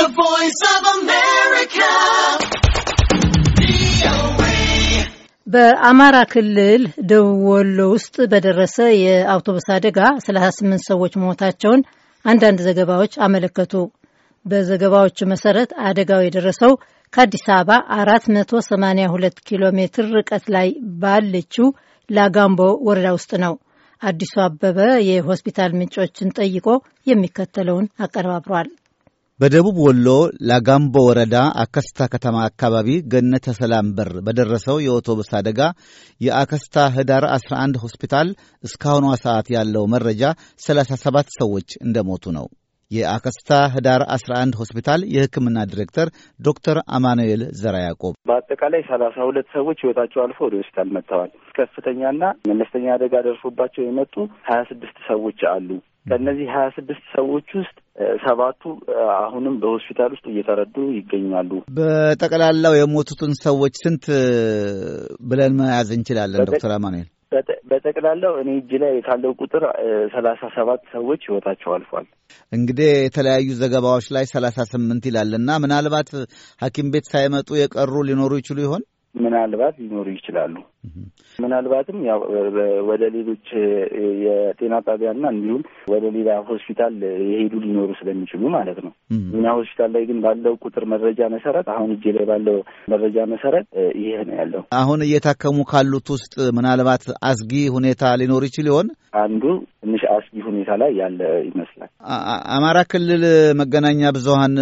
The Voice of America. በአማራ ክልል ደቡብ ወሎ ውስጥ በደረሰ የአውቶቡስ አደጋ 38 ሰዎች መሞታቸውን አንዳንድ ዘገባዎች አመለከቱ። በዘገባዎቹ መሰረት አደጋው የደረሰው ከአዲስ አበባ 482 ኪሎ ሜትር ርቀት ላይ ባለችው ላጋምቦ ወረዳ ውስጥ ነው። አዲሱ አበበ የሆስፒታል ምንጮችን ጠይቆ የሚከተለውን አቀነባብሯል። በደቡብ ወሎ ላጋምቦ ወረዳ አከስታ ከተማ አካባቢ ገነተ ሰላም በር በደረሰው የኦቶቡስ አደጋ የአከስታ ህዳር 11 ሆስፒታል እስካሁኗ ሰዓት ያለው መረጃ 37 ሰዎች እንደሞቱ ነው። የአከስታ ህዳር 11 ሆስፒታል የሕክምና ዲሬክተር ዶክተር አማኑኤል ዘራ ያዕቆብ በአጠቃላይ ሰላሳ ሁለት ሰዎች ህይወታቸው አልፎ ወደ ሆስፒታል መጥተዋል። ከፍተኛና መለስተኛ አደጋ ደርሶባቸው የመጡ ሀያ ስድስት ሰዎች አሉ። ከእነዚህ ሀያ ስድስት ሰዎች ውስጥ ሰባቱ አሁንም በሆስፒታል ውስጥ እየተረዱ ይገኛሉ። በጠቅላላው የሞቱትን ሰዎች ስንት ብለን መያዝ እንችላለን ዶክተር አማኑኤል? በጠቅላላው እኔ እጅ ላይ ካለው ቁጥር ሰላሳ ሰባት ሰዎች ህይወታቸው አልፏል። እንግዲህ የተለያዩ ዘገባዎች ላይ ሰላሳ ስምንት ይላል እና ምናልባት ሐኪም ቤት ሳይመጡ የቀሩ ሊኖሩ ይችሉ ይሆን? ምናልባት ሊኖሩ ይችላሉ። ምናልባትም ያው ወደ ሌሎች የጤና ጣቢያና እንዲሁም ወደ ሌላ ሆስፒታል የሄዱ ሊኖሩ ስለሚችሉ ማለት ነው። እኛ ሆስፒታል ላይ ግን ባለው ቁጥር መረጃ መሰረት አሁን እጄ ላይ ባለው መረጃ መሰረት ይሄ ነው ያለው። አሁን እየታከሙ ካሉት ውስጥ ምናልባት አስጊ ሁኔታ ሊኖር ይችል ይሆን? አንዱ ትንሽ አስጊ ሁኔታ ላይ ያለ ይመስላል። አማራ ክልል መገናኛ ብዙሀን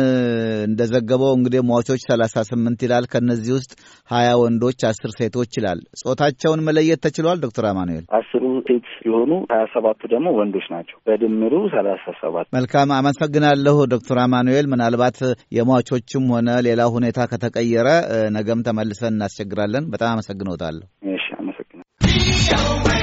እንደዘገበው እንግዲህ ሟቾች ሰላሳ ስምንት ይላል። ከእነዚህ ውስጥ ሀያ ወንዶች አስር ሴቶች ይላል። ጾታቸውን መለየት ተችሏል? ዶክተር አማኑኤል አስሩ ሴት ሲሆኑ ሀያ ሰባቱ ደግሞ ወንዶች ናቸው። በድምሩ ሰላሳ ሰባት መልካም አመሰግናለሁ ዶክተር አማኑኤል። ምናልባት የሟቾችም ሆነ ሌላ ሁኔታ ከተቀየረ ነገም ተመልሰን እናስቸግራለን። በጣም አመሰግኖታለሁ። እሺ አመሰግናለሁ።